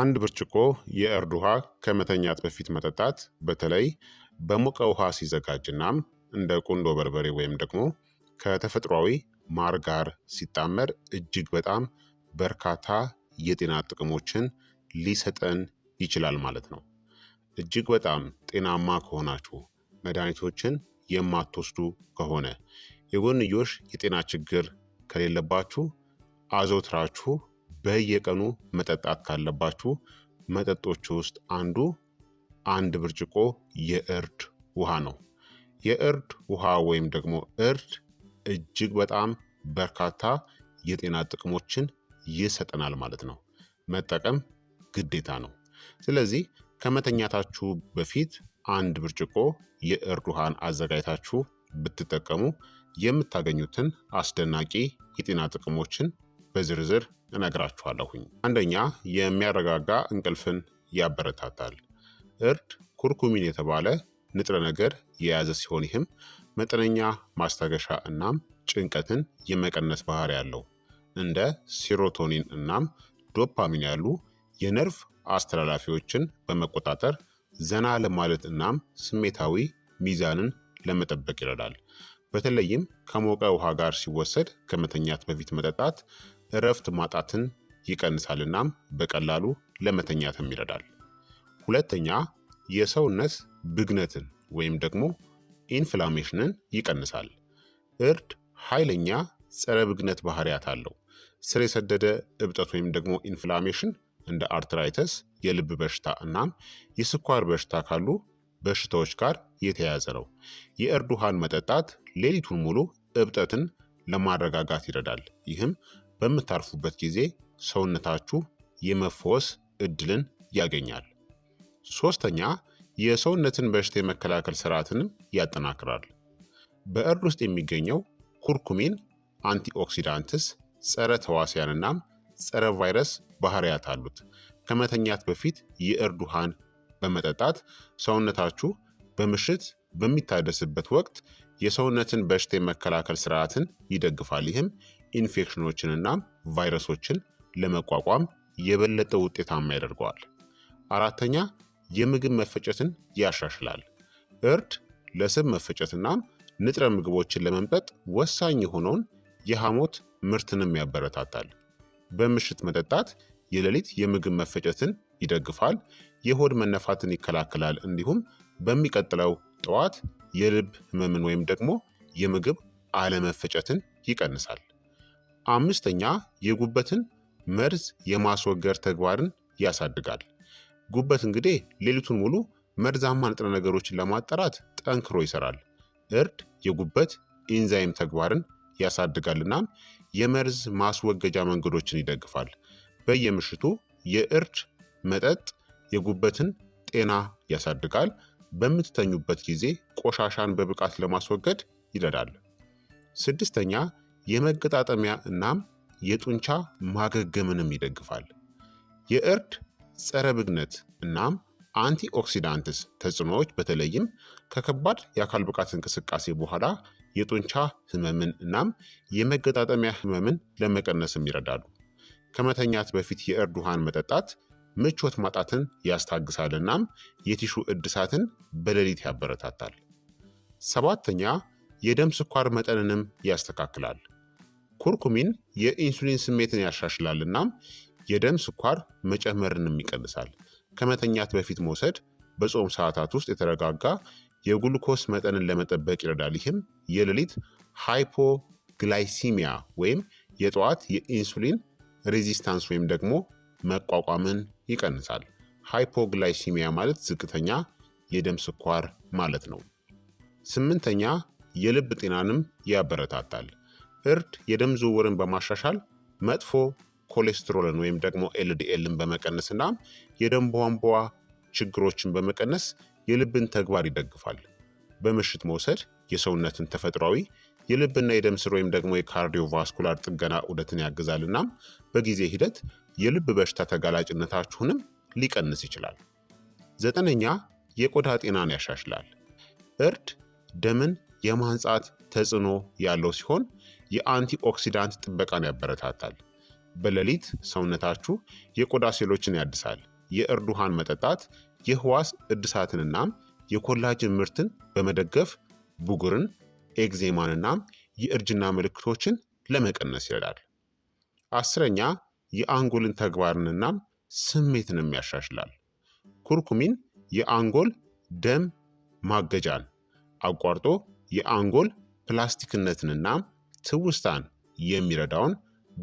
አንድ ብርጭቆ የእርድ ውሃ ከመተኛት በፊት መጠጣት በተለይ በሞቀ ውሃ ሲዘጋጅ እንደ ቁንዶ በርበሬ ወይም ደግሞ ከተፈጥሯዊ ማር ጋር ሲጣመር እጅግ በጣም በርካታ የጤና ጥቅሞችን ሊሰጠን ይችላል ማለት ነው። እጅግ በጣም ጤናማ ከሆናችሁ፣ መድኃኒቶችን የማትወስዱ ከሆነ፣ የጎንዮሽ የጤና ችግር ከሌለባችሁ አዘውትራችሁ በየቀኑ መጠጣት ካለባችሁ መጠጦች ውስጥ አንዱ አንድ ብርጭቆ የእርድ ውሃ ነው። የእርድ ውሃ ወይም ደግሞ እርድ እጅግ በጣም በርካታ የጤና ጥቅሞችን ይሰጠናል ማለት ነው። መጠቀም ግዴታ ነው። ስለዚህ ከመተኛታችሁ በፊት አንድ ብርጭቆ የእርድ ውሃን አዘጋጅታችሁ ብትጠቀሙ የምታገኙትን አስደናቂ የጤና ጥቅሞችን በዝርዝር እነግራችኋለሁኝ። አንደኛ የሚያረጋጋ እንቅልፍን ያበረታታል። እርድ ኩርኩሚን የተባለ ንጥረ ነገር የያዘ ሲሆን ይህም መጠነኛ ማስታገሻ እናም ጭንቀትን የመቀነስ ባህሪ ያለው እንደ ሴሮቶኒን እናም ዶፓሚን ያሉ የነርቭ አስተላላፊዎችን በመቆጣጠር ዘና ለማለት እናም ስሜታዊ ሚዛንን ለመጠበቅ ይረዳል። በተለይም ከሞቀ ውሃ ጋር ሲወሰድ ከመተኛት በፊት መጠጣት እረፍት ማጣትን ይቀንሳልናም በቀላሉ ለመተኛትም ይረዳል። ሁለተኛ የሰውነት ብግነትን ወይም ደግሞ ኢንፍላሜሽንን ይቀንሳል። እርድ ኃይለኛ ጸረ ብግነት ባህሪያት አለው። ስር የሰደደ እብጠት ወይም ደግሞ ኢንፍላሜሽን እንደ አርትራይተስ፣ የልብ በሽታ እናም የስኳር በሽታ ካሉ በሽታዎች ጋር የተያያዘ ነው። የእርድ ውሃን መጠጣት ሌሊቱን ሙሉ እብጠትን ለማረጋጋት ይረዳል። ይህም በምታርፉበት ጊዜ ሰውነታችሁ የመፈወስ እድልን ያገኛል። ሶስተኛ የሰውነትን በሽታ የመከላከል ስርዓትንም ያጠናክራል። በእርድ ውስጥ የሚገኘው ኩርኩሚን አንቲኦክሲዳንትስ፣ ጸረ ተዋሲያንናም ጸረ ቫይረስ ባህሪያት አሉት። ከመተኛት በፊት የእርድ ውሃን በመጠጣት ሰውነታችሁ በምሽት በሚታደስበት ወቅት የሰውነትን በሽታ የመከላከል ስርዓትን ይደግፋል። ይህም ኢንፌክሽኖችንና ቫይረሶችን ለመቋቋም የበለጠ ውጤታማ ያደርገዋል። አራተኛ የምግብ መፈጨትን ያሻሽላል። እርድ ለስብ መፈጨትና ንጥረ ምግቦችን ለመምጠጥ ወሳኝ የሆነውን የሐሞት ምርትንም ያበረታታል። በምሽት መጠጣት የሌሊት የምግብ መፈጨትን ይደግፋል፣ የሆድ መነፋትን ይከላከላል፣ እንዲሁም በሚቀጥለው ጠዋት የልብ ህመምን ወይም ደግሞ የምግብ አለመፈጨትን ይቀንሳል። አምስተኛ የጉበትን መርዝ የማስወገድ ተግባርን ያሳድጋል። ጉበት እንግዲህ ሌሊቱን ሙሉ መርዛማ ንጥረ ነገሮችን ለማጣራት ጠንክሮ ይሰራል። እርድ የጉበት ኢንዛይም ተግባርን ያሳድጋል እናም የመርዝ ማስወገጃ መንገዶችን ይደግፋል። በየምሽቱ የእርድ መጠጥ የጉበትን ጤና ያሳድጋል። በምትተኙበት ጊዜ ቆሻሻን በብቃት ለማስወገድ ይረዳል። ስድስተኛ የመገጣጠሚያ እናም የጡንቻ ማገገምንም ይደግፋል። የእርድ ጸረ ብግነት እናም አንቲኦክሲዳንትስ ተጽዕኖዎች በተለይም ከከባድ የአካል ብቃት እንቅስቃሴ በኋላ የጡንቻ ህመምን እናም የመገጣጠሚያ ህመምን ለመቀነስም ይረዳሉ። ከመተኛት በፊት የእርድ ውሃን መጠጣት ምቾት ማጣትን ያስታግሳል እናም የቲሹ እድሳትን በሌሊት ያበረታታል። ሰባተኛ የደም ስኳር መጠንንም ያስተካክላል። ኩርኩሚን የኢንሱሊን ስሜትን ያሻሽላል እናም የደም ስኳር መጨመርንም ይቀንሳል። ከመተኛት በፊት መውሰድ በጾም ሰዓታት ውስጥ የተረጋጋ የግሉኮስ መጠንን ለመጠበቅ ይረዳል። ይህም የሌሊት ሃይፖግላይሲሚያ ወይም የጠዋት የኢንሱሊን ሬዚስታንስ ወይም ደግሞ መቋቋምን ይቀንሳል። ሃይፖግላይሲሚያ ማለት ዝቅተኛ የደም ስኳር ማለት ነው። ስምንተኛ የልብ ጤናንም ያበረታታል። እርድ የደም ዝውውርን በማሻሻል መጥፎ ኮሌስትሮልን ወይም ደግሞ ኤልዲኤልን በመቀነስ እናም የደም ቧንቧ ችግሮችን በመቀነስ የልብን ተግባር ይደግፋል። በምሽት መውሰድ የሰውነትን ተፈጥሯዊ የልብና የደም ስር ወይም ደግሞ የካርዲዮቫስኩላር ጥገና ዑደትን ያግዛል እናም በጊዜ ሂደት የልብ በሽታ ተጋላጭነታችሁንም ሊቀንስ ይችላል። ዘጠነኛ የቆዳ ጤናን ያሻሽላል። እርድ ደምን የማንጻት ተጽዕኖ ያለው ሲሆን የአንቲ ኦክሲዳንት ጥበቃን ያበረታታል። በሌሊት ሰውነታችሁ የቆዳ ሴሎችን ያድሳል። የእርድ ውሃን መጠጣት የህዋስ እድሳትንናም የኮላጅን ምርትን በመደገፍ ብጉርን፣ ኤግዜማንናም የእርጅና ምልክቶችን ለመቀነስ ይረዳል። አስረኛ የአንጎልን ተግባርንና ስሜትንም ያሻሽላል። ኩርኩሚን የአንጎል ደም ማገጃን አቋርጦ የአንጎል ፕላስቲክነትንና ትውስታን የሚረዳውን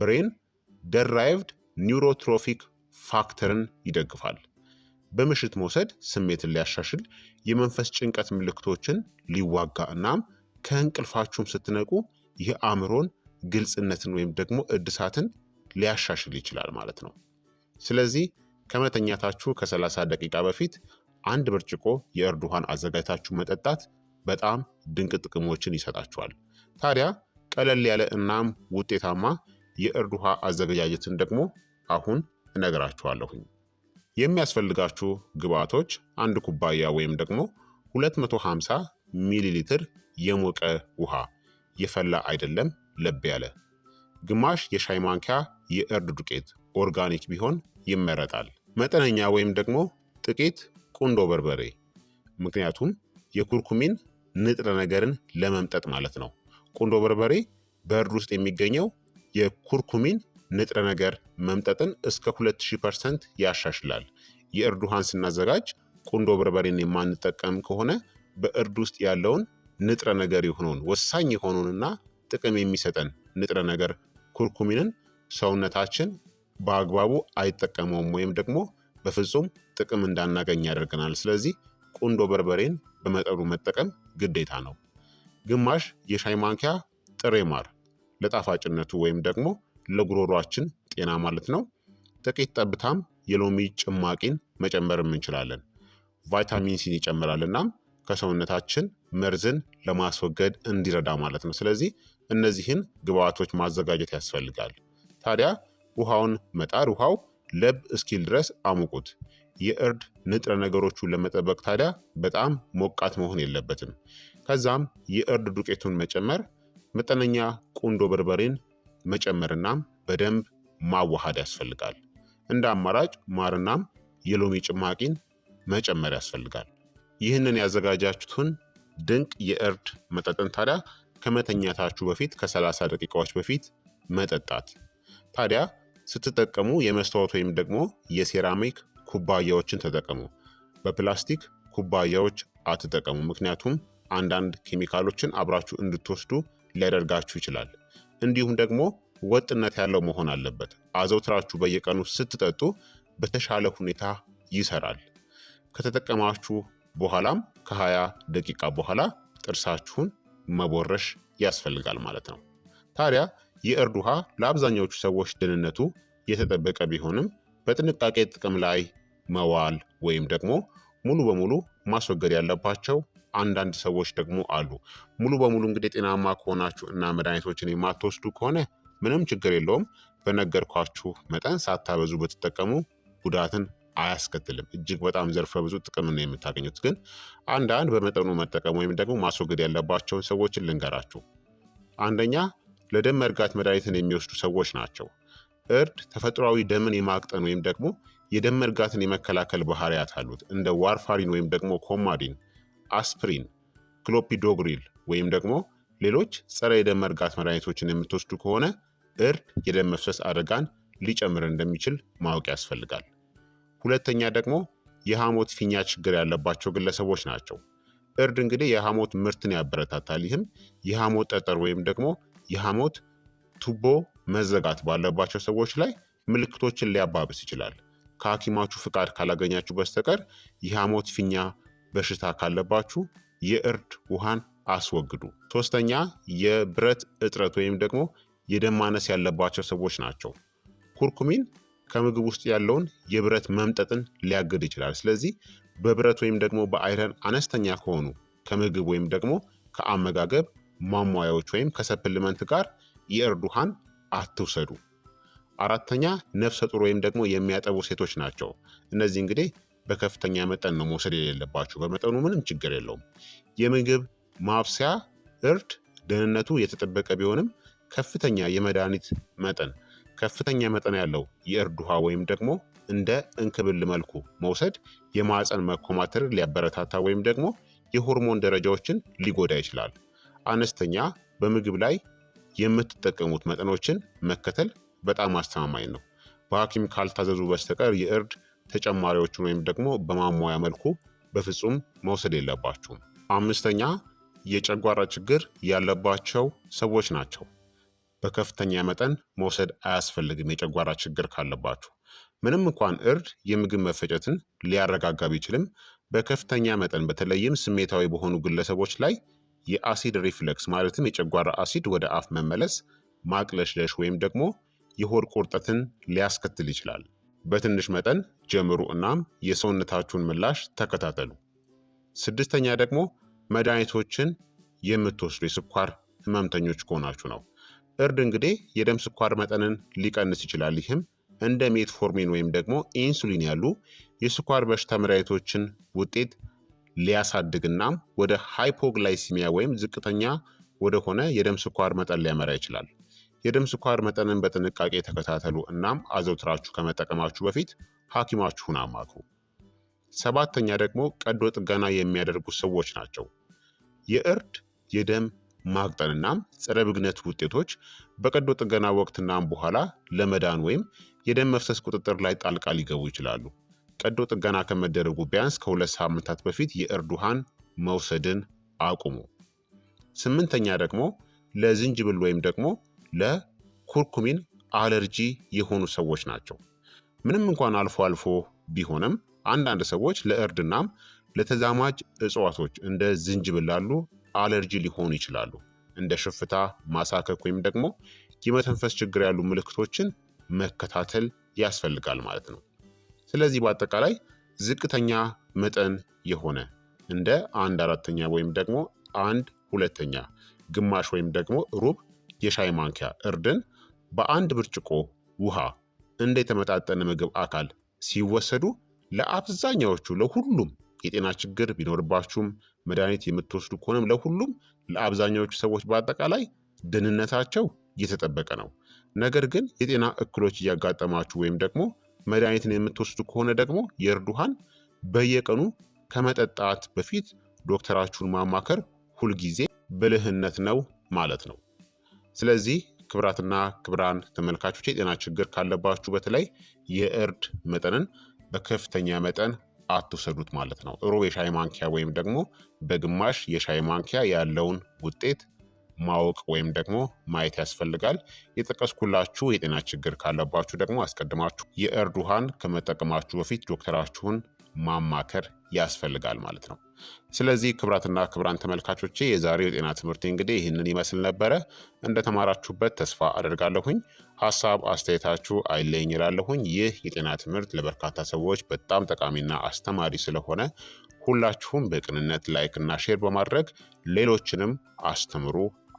ብሬን ደራይቭድ ኒውሮትሮፊክ ፋክተርን ይደግፋል። በምሽት መውሰድ ስሜትን ሊያሻሽል፣ የመንፈስ ጭንቀት ምልክቶችን ሊዋጋ እናም ከእንቅልፋችሁም ስትነቁ የአእምሮን ግልጽነትን ወይም ደግሞ እድሳትን ሊያሻሽል ይችላል ማለት ነው። ስለዚህ ከመተኛታችሁ ከ30 ደቂቃ በፊት አንድ ብርጭቆ የእርድ ውሃን አዘጋጅታችሁ መጠጣት በጣም ድንቅ ጥቅሞችን ይሰጣችኋል። ታዲያ ቀለል ያለ እናም ውጤታማ የእርድ ውሃ አዘገጃጀትን ደግሞ አሁን እነግራችኋለሁኝ። የሚያስፈልጋችሁ ግብዓቶች አንድ ኩባያ ወይም ደግሞ 250 ሚሊ ሊትር የሞቀ ውሃ፣ የፈላ አይደለም፣ ለብ ያለ፣ ግማሽ የሻይ ማንኪያ የእርድ ዱቄት ኦርጋኒክ ቢሆን ይመረጣል። መጠነኛ ወይም ደግሞ ጥቂት ቁንዶ በርበሬ፣ ምክንያቱም የኩርኩሚን ንጥረ ነገርን ለመምጠጥ ማለት ነው። ቁንዶ በርበሬ በእርድ ውስጥ የሚገኘው የኩርኩሚን ንጥረ ነገር መምጠጥን እስከ 2000 ፐርሰንት ያሻሽላል። የእርድ ውሃን ስናዘጋጅ ቁንዶ በርበሬን የማንጠቀም ከሆነ በእርድ ውስጥ ያለውን ንጥረ ነገር የሆነውን ወሳኝ የሆነውንና ጥቅም የሚሰጠን ንጥረ ነገር ኩርኩሚንን ሰውነታችን በአግባቡ አይጠቀመውም ወይም ደግሞ በፍጹም ጥቅም እንዳናገኝ ያደርገናል። ስለዚህ ቁንዶ በርበሬን በመጠኑ መጠቀም ግዴታ ነው። ግማሽ የሻይ ማንኪያ ጥሬ ማር ለጣፋጭነቱ ወይም ደግሞ ለጉሮሯችን ጤና ማለት ነው። ጥቂት ጠብታም የሎሚ ጭማቂን መጨመርም እንችላለን። ቫይታሚን ሲን ይጨምራል እናም ከሰውነታችን መርዝን ለማስወገድ እንዲረዳ ማለት ነው። ስለዚህ እነዚህን ግብዓቶች ማዘጋጀት ያስፈልጋል። ታዲያ ውሃውን መጣድ ውሃው ለብ እስኪል ድረስ አሙቁት። የእርድ ንጥረ ነገሮቹን ለመጠበቅ ታዲያ በጣም ሞቃት መሆን የለበትም። ከዛም የእርድ ዱቄቱን መጨመር፣ መጠነኛ ቁንዶ በርበሬን መጨመርናም በደንብ ማዋሃድ ያስፈልጋል። እንደ አማራጭ ማርናም የሎሚ ጭማቂን መጨመር ያስፈልጋል። ይህንን ያዘጋጃችሁትን ድንቅ የእርድ መጠጥን ታዲያ ከመተኛታችሁ በፊት ከ30 ደቂቃዎች በፊት መጠጣት ታዲያ ስትጠቀሙ የመስታወት ወይም ደግሞ የሴራሚክ ኩባያዎችን ተጠቀሙ። በፕላስቲክ ኩባያዎች አትጠቀሙ፣ ምክንያቱም አንዳንድ ኬሚካሎችን አብራችሁ እንድትወስዱ ሊያደርጋችሁ ይችላል። እንዲሁም ደግሞ ወጥነት ያለው መሆን አለበት። አዘውትራችሁ በየቀኑ ስትጠጡ በተሻለ ሁኔታ ይሰራል። ከተጠቀማችሁ በኋላም ከ20 ደቂቃ በኋላ ጥርሳችሁን መቦረሽ ያስፈልጋል ማለት ነው። ታዲያ የእርድ ውሃ ለአብዛኛዎቹ ሰዎች ደህንነቱ የተጠበቀ ቢሆንም በጥንቃቄ ጥቅም ላይ መዋል ወይም ደግሞ ሙሉ በሙሉ ማስወገድ ያለባቸው አንዳንድ ሰዎች ደግሞ አሉ። ሙሉ በሙሉ እንግዲህ ጤናማ ከሆናችሁ እና መድኃኒቶችን የማትወስዱ ከሆነ ምንም ችግር የለውም። በነገርኳችሁ መጠን ሳታበዙ ብትጠቀሙ ጉዳትን አያስከትልም። እጅግ በጣም ዘርፈ ብዙ ጥቅም ነው የምታገኙት። ግን አንዳንድ በመጠኑ መጠቀም ወይም ደግሞ ማስወገድ ያለባቸውን ሰዎችን ልንገራችሁ። አንደኛ ለደም መርጋት መድኃኒትን የሚወስዱ ሰዎች ናቸው። እርድ ተፈጥሯዊ ደምን የማቅጠን ወይም ደግሞ የደም መርጋትን የመከላከል ባህሪያት አሉት። እንደ ዋርፋሪን ወይም ደግሞ ኮማዲን፣ አስፕሪን፣ ክሎፒዶግሪል ወይም ደግሞ ሌሎች ጸረ የደም መርጋት መድኃኒቶችን የምትወስዱ ከሆነ እርድ የደም መፍሰስ አደጋን ሊጨምር እንደሚችል ማወቅ ያስፈልጋል። ሁለተኛ ደግሞ የሐሞት ፊኛ ችግር ያለባቸው ግለሰቦች ናቸው። እርድ እንግዲህ የሐሞት ምርትን ያበረታታል። ይህም የሐሞት ጠጠር ወይም ደግሞ የሐሞት ቱቦ መዘጋት ባለባቸው ሰዎች ላይ ምልክቶችን ሊያባብስ ይችላል። ከሐኪማችሁ ፍቃድ ካላገኛችሁ በስተቀር የሐሞት ፊኛ በሽታ ካለባችሁ የእርድ ውሃን አስወግዱ። ሶስተኛ የብረት እጥረት ወይም ደግሞ የደም ማነስ ያለባቸው ሰዎች ናቸው። ኩርኩሚን ከምግብ ውስጥ ያለውን የብረት መምጠጥን ሊያግድ ይችላል። ስለዚህ በብረት ወይም ደግሞ በአይረን አነስተኛ ከሆኑ ከምግብ ወይም ደግሞ ከአመጋገብ ማሟያዎች ወይም ከሰፕልመንት ጋር የእርድ ውሃን አትውሰዱ። አራተኛ ነፍሰ ጡር ወይም ደግሞ የሚያጠቡ ሴቶች ናቸው። እነዚህ እንግዲህ በከፍተኛ መጠን ነው መውሰድ የሌለባቸው። በመጠኑ ምንም ችግር የለውም። የምግብ ማብሰያ እርድ ደህንነቱ የተጠበቀ ቢሆንም ከፍተኛ የመድኃኒት መጠን ከፍተኛ መጠን ያለው የእርድ ውሃ ወይም ደግሞ እንደ እንክብል መልኩ መውሰድ የማዕፀን መኮማተርን ሊያበረታታ ወይም ደግሞ የሆርሞን ደረጃዎችን ሊጎዳ ይችላል። አነስተኛ በምግብ ላይ የምትጠቀሙት መጠኖችን መከተል በጣም አስተማማኝ ነው። በሐኪም ካልታዘዙ በስተቀር የእርድ ተጨማሪዎችን ወይም ደግሞ በማሟያ መልኩ በፍጹም መውሰድ የለባችሁም። አምስተኛ የጨጓራ ችግር ያለባቸው ሰዎች ናቸው። በከፍተኛ መጠን መውሰድ አያስፈልግም። የጨጓራ ችግር ካለባችሁ ምንም እንኳን እርድ የምግብ መፈጨትን ሊያረጋጋ ቢችልም በከፍተኛ መጠን በተለይም ስሜታዊ በሆኑ ግለሰቦች ላይ የአሲድ ሪፍለክስ ማለትም የጨጓራ አሲድ ወደ አፍ መመለስ፣ ማቅለሽለሽ ወይም ደግሞ የሆድ ቁርጠትን ሊያስከትል ይችላል። በትንሽ መጠን ጀምሩ እናም የሰውነታችሁን ምላሽ ተከታተሉ። ስድስተኛ ደግሞ መድኃኒቶችን የምትወስዱ የስኳር ህመምተኞች ከሆናችሁ ነው። እርድ እንግዲህ የደም ስኳር መጠንን ሊቀንስ ይችላል። ይህም እንደ ሜትፎርሚን ወይም ደግሞ ኢንሱሊን ያሉ የስኳር በሽታ መድኃኒቶችን ውጤት ሊያሳድግና ወደ ሃይፖግላይሲሚያ ወይም ዝቅተኛ ወደሆነ የደም ስኳር መጠን ሊያመራ ይችላል። የደም ስኳር መጠንን በጥንቃቄ ተከታተሉ። እናም አዘውትራችሁ ከመጠቀማችሁ በፊት ሐኪማችሁን አማክሩ። ሰባተኛ ደግሞ ቀዶ ጥገና የሚያደርጉ ሰዎች ናቸው። የእርድ የደም ማቅጠን ጸረ ብግነት ውጤቶች በቀዶ ጥገና ወቅትናም በኋላ ለመዳን ወይም የደም መፍሰስ ቁጥጥር ላይ ጣልቃ ሊገቡ ይችላሉ። ቀዶ ጥገና ከመደረጉ ቢያንስ ከሁለት ሳምንታት በፊት የእርድ ውሃን መውሰድን አቁሙ። ስምንተኛ ደግሞ ለዝንጅብል ወይም ደግሞ ለኩርኩሚን አለርጂ የሆኑ ሰዎች ናቸው። ምንም እንኳን አልፎ አልፎ ቢሆንም አንዳንድ ሰዎች ለእርድናም ለተዛማጅ እጽዋቶች እንደ ዝንጅብል ላሉ አለርጂ ሊሆኑ ይችላሉ። እንደ ሽፍታ፣ ማሳከክ ወይም ደግሞ የመተንፈስ ችግር ያሉ ምልክቶችን መከታተል ያስፈልጋል ማለት ነው። ስለዚህ በአጠቃላይ ዝቅተኛ መጠን የሆነ እንደ አንድ አራተኛ ወይም ደግሞ አንድ ሁለተኛ ግማሽ ወይም ደግሞ ሩብ የሻይ ማንኪያ እርድን በአንድ ብርጭቆ ውሃ እንደ የተመጣጠነ ምግብ አካል ሲወሰዱ ለአብዛኛዎቹ ለሁሉም የጤና ችግር ቢኖርባችሁም መድኃኒት የምትወስዱ ከሆነም ለሁሉም ለአብዛኛዎቹ ሰዎች በአጠቃላይ ደህንነታቸው እየተጠበቀ ነው። ነገር ግን የጤና እክሎች እያጋጠማችሁ ወይም ደግሞ መድኃኒትን የምትወስዱ ከሆነ ደግሞ የእርድ ውሃን በየቀኑ ከመጠጣት በፊት ዶክተራችሁን ማማከር ሁልጊዜ ብልህነት ነው ማለት ነው። ስለዚህ ክብራትና ክብራን ተመልካቾች የጤና ችግር ካለባችሁ በተለይ የእርድ መጠንን በከፍተኛ መጠን አትውሰዱት ማለት ነው። ሩብ የሻይ ማንኪያ ወይም ደግሞ በግማሽ የሻይ ማንኪያ ያለውን ውጤት ማወቅ ወይም ደግሞ ማየት ያስፈልጋል። የጠቀስኩላችሁ የጤና ችግር ካለባችሁ ደግሞ አስቀድማችሁ የእርድ ውሃን ከመጠቀማችሁ በፊት ዶክተራችሁን ማማከር ያስፈልጋል ማለት ነው። ስለዚህ ክብራትና ክብራን ተመልካቾቼ የዛሬው የጤና ትምህርት እንግዲህ ይህንን ይመስል ነበረ። እንደተማራችሁበት ተስፋ አደርጋለሁኝ። ሀሳብ አስተያየታችሁ አይለኝ ይላለሁኝ። ይህ የጤና ትምህርት ለበርካታ ሰዎች በጣም ጠቃሚና አስተማሪ ስለሆነ ሁላችሁም በቅንነት ላይክ እና ሼር በማድረግ ሌሎችንም አስተምሩ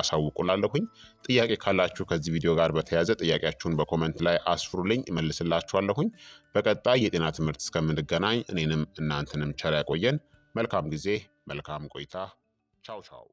አሳውቁላለሁኝ። ጥያቄ ካላችሁ ከዚህ ቪዲዮ ጋር በተያያዘ ጥያቄያችሁን በኮመንት ላይ አስፍሩልኝ፣ እመልስላችኋለሁኝ። በቀጣይ የጤና ትምህርት እስከምንገናኝ እኔንም እናንተንም ቸር ያቆየን። መልካም ጊዜ፣ መልካም ቆይታ። ቻው ቻው